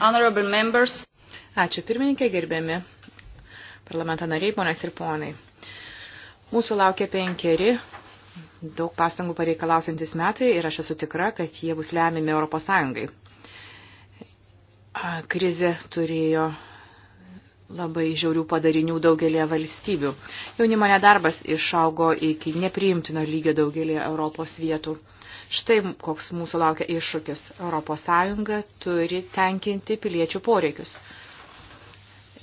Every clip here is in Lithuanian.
honorable members. Ačiū pirmininkė, gerbiami parlamento nariai, ponas ir ponai. Mūsų laukia penkeri daug pastangų pareikalausiantis metai ir aš esu tikra, kad jie bus lemiami Europos Sąjungai. Krizė turėjo labai žiaurių padarinių daugelėje valstybių. Jaunimo nedarbas išaugo iki nepriimtino lygio daugelėje Europos vietų. Štai koks mūsų laukia iššūkis. ES turi tenkinti piliečių poreikius.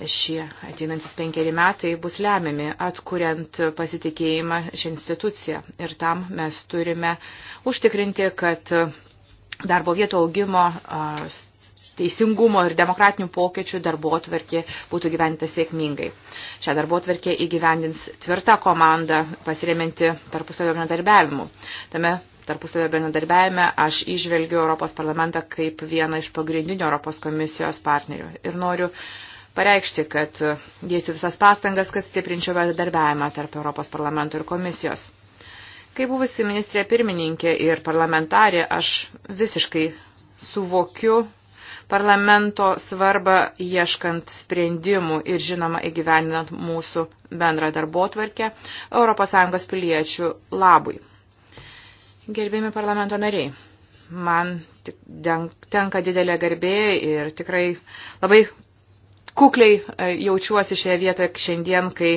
Šie ateinantis penkeri metai bus lemiami, atkuriant pasitikėjimą šią instituciją. Ir tam mes turime užtikrinti, kad darbo vietų augimo teisingumo ir demokratinių pokyčių darbo atverkė būtų gyventa sėkmingai. Šią darbo atverkę įgyvendins tvirta komanda pasiremianti tarpusavio bendradarbiavimu. Tame tarpusavio bendradarbiavime aš išvelgiu Europos parlamentą kaip vieną iš pagrindinių Europos komisijos partnerių. Ir noriu pareikšti, kad dėsiu visas pastangas, kad stiprinčiau bendradarbiavimą tarp Europos parlamento ir komisijos. Kaip buvusi ministrė pirmininkė ir parlamentarė, aš visiškai suvokiu parlamento svarbą ieškant sprendimų ir žinoma įgyvendinant mūsų bendrą darbo tvarkę ES piliečių labui. Gerbėmi parlamento nariai, man tenka didelė garbė ir tikrai labai kukliai e, jaučiuosi šioje vietoje šiandien, kai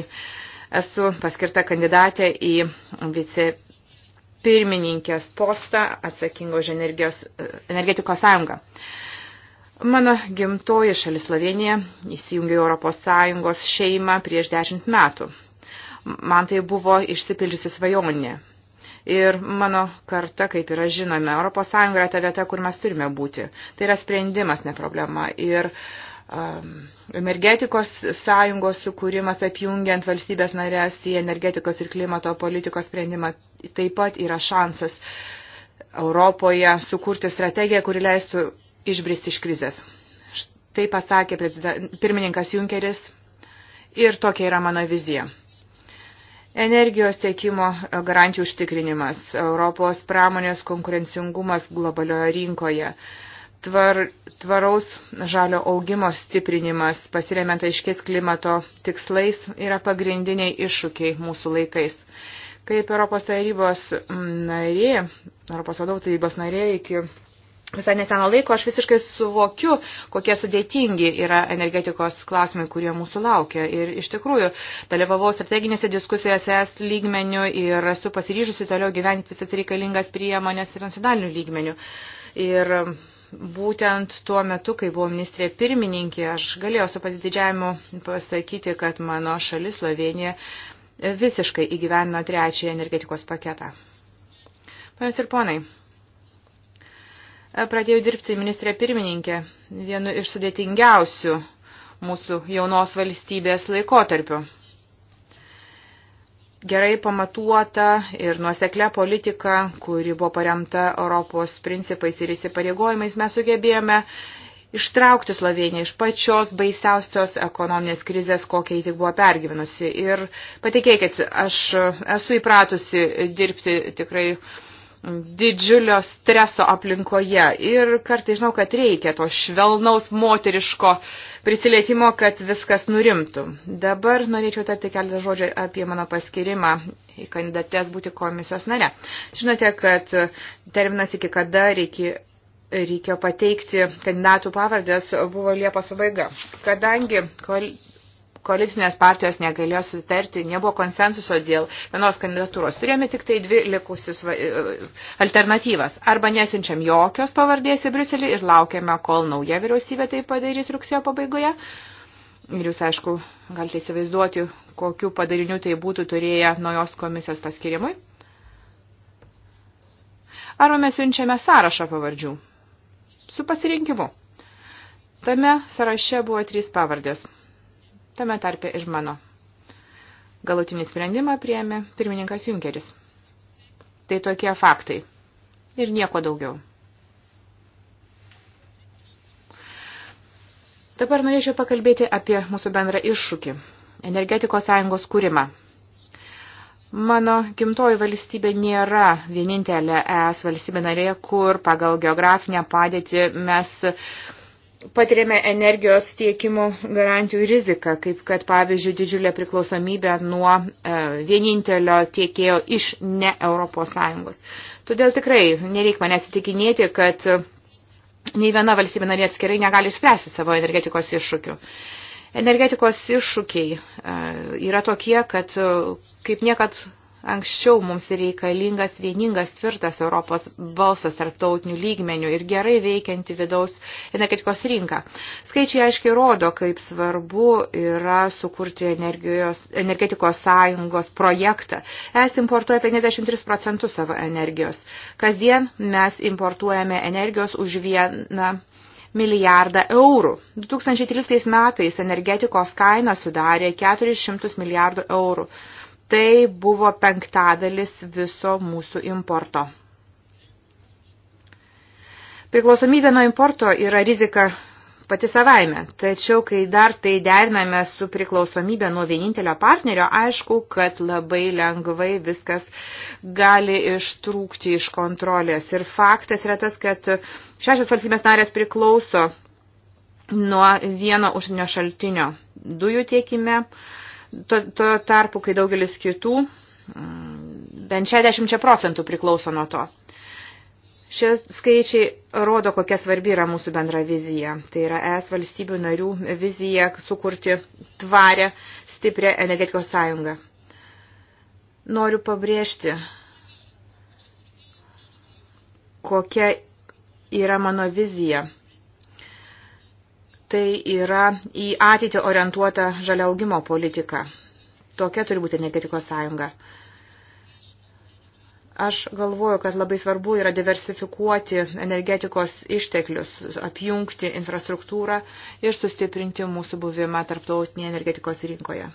esu paskirta kandidatė į vicepirmininkę pirmininkės postą atsakingo už energijos, e, energetikos sąjungą. Mano gimtoji šalis Slovenija įsijungė Europos Sąjungos šeimą prieš dešimt metų. Man tai buvo išsipildžiusi svajonė. Ir mano karta, kaip yra žinome, Europos Sąjunga yra ta vieta, kur mes turime būti. Tai yra sprendimas, ne problema. Ir um, energetikos sąjungos sukūrimas apjungiant valstybės narės į energetikos ir klimato politikos sprendimą taip pat yra šansas Europoje sukurti strategiją, kuri leistų išbristi iš krizės. Tai pasakė pirmininkas Junkeris ir tokia yra mano vizija. Energijos tiekimo garantijų užtikrinimas, Europos pramonės konkurencingumas globalioje rinkoje, tvar, tvaraus žalio augimo stiprinimas, pasiremiant aiškiais klimato tikslais, yra pagrindiniai iššūkiai mūsų laikais. Kaip Europos tarybos narė, Europos vadovų tarybos narė iki visai neseno laiko, aš visiškai suvokiu, kokie sudėtingi yra energetikos klausimai, kurie mūsų laukia. Ir iš tikrųjų, dalyvavau strateginėse diskusijose es lygmenių ir esu pasiryžusi toliau gyventi visas reikalingas priemonės ir nacionalinių lygmenių. Ir būtent tuo metu, kai buvau ministrė pirmininkė, aš galėjau su pasididžiavimu pasakyti, kad mano šalis Slovenija visiškai įgyveno trečiąją energetikos paketą. Panas ir ponai, pradėjau dirbti ministrė pirmininkė vienu iš sudėtingiausių mūsų jaunos valstybės laikotarpiu. Gerai pamatuota ir nuoseklė politika, kuri buvo paremta Europos principais ir įsipareigojimais, mes sugebėjome ištraukti Sloveniją iš pačios baisiausios ekonominės krizės, kokia jį tik buvo pergyvenusi. Ir patikėkit, aš esu įpratusi dirbti tikrai uh, didžiulio streso aplinkoje. Ir kartai žinau, kad reikia to švelnaus moteriško prisilietimo, kad viskas nurimtų. Dabar norėčiau tarti keletą žodžių apie mano paskirimą į kandidates būti komisijos nare. Žinote, kad terminas iki kada reikia reikia pateikti kandidatų pavardės buvo Liepos pabaiga. Kadangi koalicinės partijos negalėjo sutarti, nebuvo konsensuso dėl vienos kandidatūros. Turėjome tik tai dvi likusis e, alternatyvas. Arba nesinčiam jokios pavardės į Briuselį ir laukiame, kol nauja vyriausybė tai padarys rugsėjo pabaigoje. Ir jūs, aišku, galite įsivaizduoti, kokiu padariniu tai būtų turėję naujos komisijos paskirimui. Arba mes siunčiame sąrašą pavardžių su pasirinkimu. Tame sąraše buvo trys pavardės tame tarpe ir mano. Galutinį sprendimą priėmė pirmininkas Junkeris. Tai tokie faktai. Ir nieko daugiau. Dabar norėčiau pakalbėti apie mūsų bendrą iššūkį – energetikos sąjungos kūrimą. Mano gimtoji valstybė nėra vienintelė ES valstybė narė, kur pagal geografinę padėtį mes uh, patiriame energijos tiekimo garantijų riziką, kaip kad, pavyzdžiui, didžiulė priklausomybė nuo e, vienintelio tiekėjo iš ne ES. Todėl tikrai nereik manęs įtikinėti, kad nei viena valstybė narė atskirai negali išspręsti savo energetikos iššūkių. Energetikos iššūkiai e, yra tokie, kad kaip niekad Anksčiau mums reikalingas vieningas tvirtas Europos balsas tarptautinių lygmenių ir gerai veikianti vidaus energetikos rinka. Skaičiai aiškiai rodo, kaip svarbu yra sukurti energijos, energetikos sąjungos projektą. Es importuoja 53 procentus savo energijos. Kasdien mes importuojame energijos už vieną milijardą eurų. 2013 metais energetikos kaina sudarė 400 milijardų eurų tai buvo penktadalis viso mūsų importo. Priklausomybė nuo importo yra rizika pati savaime, tačiau kai dar tai deriname su priklausomybė nuo vienintelio partnerio, aišku, kad labai lengvai viskas gali ištrūkti iš kontrolės. Ir faktas yra tas, kad šešios valstybės narės priklauso nuo vieno užsienio šaltinio dujų tiekime, uh, Tuo, tuo tarpu, kai daugelis kitų, mm, bent 60 procentų priklauso nuo to. Šie skaičiai rodo, kokia svarbi yra mūsų bendra vizija. Tai yra ES valstybių narių vizija sukurti tvarę, stiprią energetikos sąjungą. Noriu pabrėžti, kokia yra mano vizija Tai yra į ateitį orientuota žalia augimo politika. Tokia turi būti energetikos sąjunga. Aš galvoju, kad labai svarbu yra diversifikuoti energetikos išteklius, apjungti infrastruktūrą ir sustiprinti mūsų buvimą tarptautinėje energetikos rinkoje.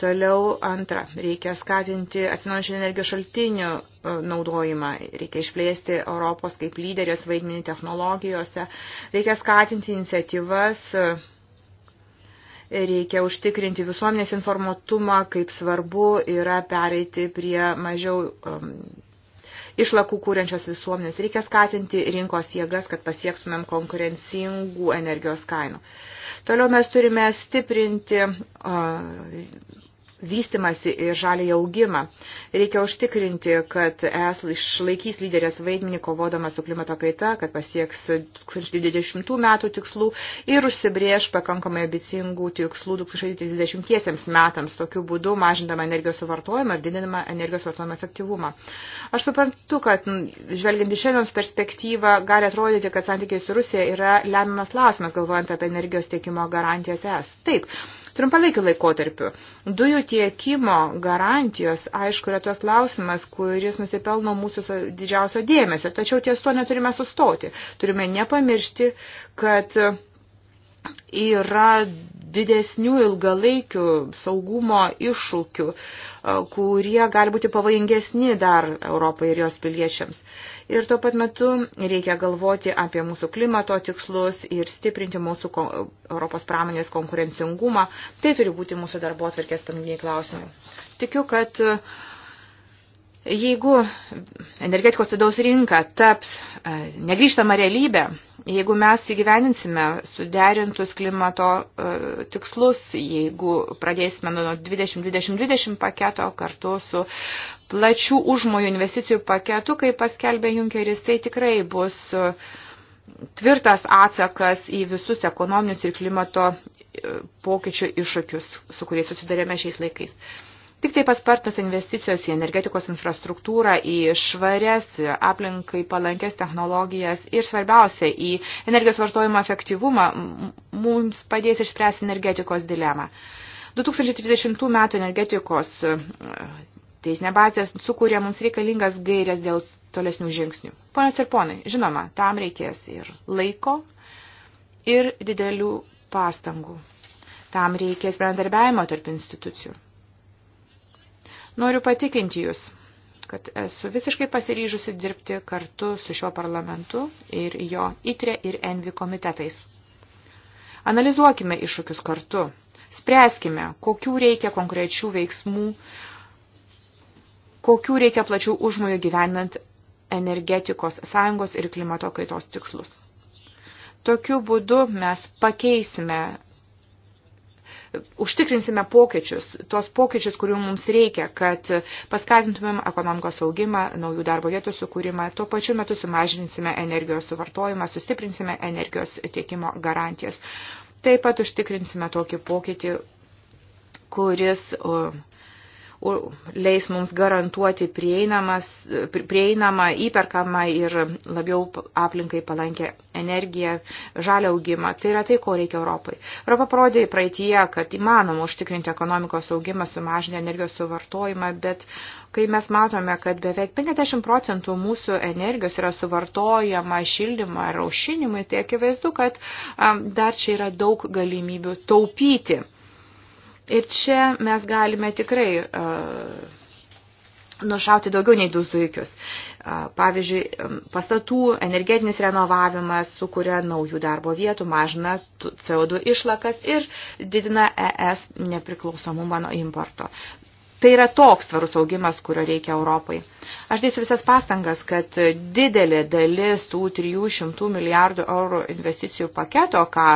Toliau antra, reikia skatinti atsinaujančių energijos šaltinių e, naudojimą, reikia išplėsti Europos kaip lyderės vaidmenį technologijose, reikia skatinti iniciatyvas, reikia užtikrinti visuomenės informatumą, kaip svarbu yra pereiti prie mažiau um, išlakų kūrenčios visuomenės. Reikia skatinti rinkos jėgas, kad pasiektumėm konkurencingų energijos kainų. Toliau mes turime stiprinti uh, vystimasi ir žalį augimą. Reikia užtikrinti, kad ES išlaikys lyderės vaidmenį kovodama su klimato kaita, kad pasieks 2020 metų tikslų ir užsibrieš pakankamai ambicingų tikslų 2030 metams, tokiu būdu mažindama energijos suvartojimą ir didinama energijos vartojimo efektyvumą. Aš suprantu, kad žvelgiant iš šiandienos perspektyvą, gali atrodyti, kad santykiai su Rusija yra lemiamas klausimas, galvojant apie energijos tiekimo garantijas ES. Taip, trumpalaikiu laikotarpiu. Dujų tiekimo garantijos, aišku, yra tas klausimas, kuris nusipelno mūsų didžiausio dėmesio, tačiau ties to neturime sustoti. Turime nepamiršti, kad yra didesnių ilgalaikių saugumo iššūkių, kurie gali būti pavojingesni dar Europai ir jos piliečiams. Ir tuo pat metu reikia galvoti apie mūsų klimato tikslus ir stiprinti mūsų Europos pramonės konkurencingumą. Tai turi būti mūsų darbo atvarkės pagrindiniai klausimai. Tikiu, kad Jeigu energetikos vidaus rinka taps e, negryžtama realybė, jeigu mes įgyveninsime suderintus klimato e, tikslus, jeigu pradėsime nuo 2020-2020 paketo kartu su plačių užmojų investicijų paketu, kaip paskelbė Junkeris, tai tikrai bus e, tvirtas atsakas į visus ekonominius ir klimato pokyčių iššūkius, su kuriais susidarėme šiais laikais. Tik taip paspartos investicijos į energetikos infrastruktūrą, į švarias, aplinkai palankės technologijas ir svarbiausia, į energijos vartojimo efektyvumą mums padės išspręsti energetikos dilemą. 2030 m. energetikos e, teisinė bazė sukūrė mums reikalingas gairias dėl tolesnių žingsnių. Ponas ir ponai, žinoma, tam reikės ir laiko, ir didelių pastangų. Tam reikės bendarbiavimo tarp institucijų. Noriu patikinti Jūs, kad esu visiškai pasiryžusi dirbti kartu su šiuo parlamentu ir jo ITRE ir ENVI komitetais. Analizuokime iššūkius kartu, spręskime, kokių reikia konkrečių veiksmų, kokių reikia plačių užmojų gyvenant energetikos sąjungos ir klimato kaitos tikslus. Tokiu būdu mes pakeisime užtikrinsime pokyčius, tos pokyčius, kurių mums reikia, kad paskatintumėm ekonomikos augimą, naujų darbo vietų sukūrimą, tuo pačiu metu sumažinsime energijos suvartojimą, sustiprinsime energijos tiekimo garantijas. Taip pat užtikrinsime tokį pokytį, kuris uh, leis mums garantuoti prieinamą, įperkamą ir labiau aplinkai palankę energiją, žalę augimą. Tai yra tai, ko reikia Europai. Europa parodė praeitie, kad įmanoma užtikrinti ekonomikos augimą, sumažinę energijos suvartojimą, bet kai mes matome, kad beveik 50 procentų mūsų energijos yra suvartojama šildymą ar aušinimui, tai akivaizdu, kad um, dar čia yra daug galimybių taupyti. Ir čia mes galime tikrai uh, nušauti daugiau nei du zuikius. E, pavyzdžiui, pastatų energetinis renovavimas sukuria naujų darbo vietų, mažina CO2 išlakas ir didina ES nepriklausomumą nuo importo. Tai yra toks svarus augimas, kurio reikia Europai. Aš dėsiu visas pastangas, kad didelė dalis tų 300 milijardų eurų investicijų paketo, ką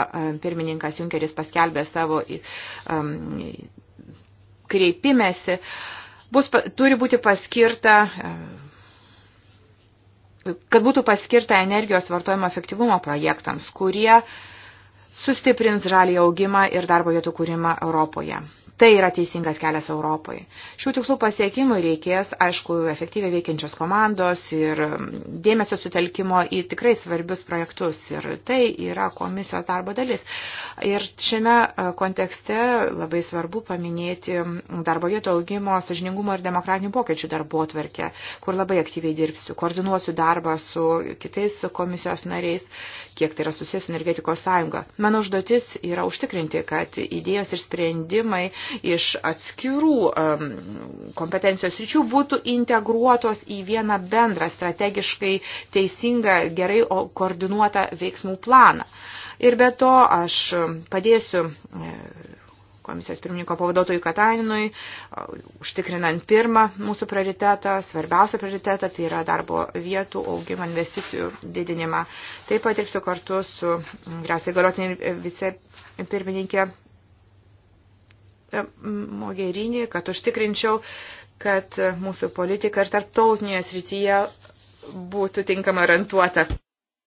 pirmininkas Junkeris paskelbė savo kreipimėsi, bus, turi būti paskirta kad būtų paskirta energijos vartojimo efektyvumo projektams, kurie sustiprins žalį augimą ir darbo vietų kūrimą Europoje. Tai yra teisingas kelias Europai. Šių tikslų pasiekimui reikės, aišku, efektyviai veikiančios komandos ir dėmesio sutelkimo į tikrai svarbius projektus. Ir tai yra komisijos darbo dalis. Ir šiame e, kontekste labai svarbu paminėti darbo vieto augimo, sažiningumo ir demokratinių pokyčių darbo atverkę, kur labai aktyviai dirbsiu. Koordinuosiu darbą su kitais komisijos nariais, kiek tai yra susijęs su energetikos sąjunga. Mano užduotis yra užtikrinti, kad idėjos ir sprendimai iš atskirų kompetencijos ryčių būtų integruotos į vieną bendrą strategiškai teisingą, gerai koordinuotą veiksmų planą. Ir be to aš padėsiu e, komisijos pirmininko pavaduotojui Kataninui, e, užtikrinant pirmą mūsų prioritetą, svarbiausią prioritetą, tai yra darbo vietų augimą, investicijų didinimą. Taip pat dirbsiu kartu su vyriausiai garotinė vicepirmininkė Mogerinį, kad užtikrinčiau, kad mūsų politika ir tarptautinėje srityje būtų tinkama orientuota.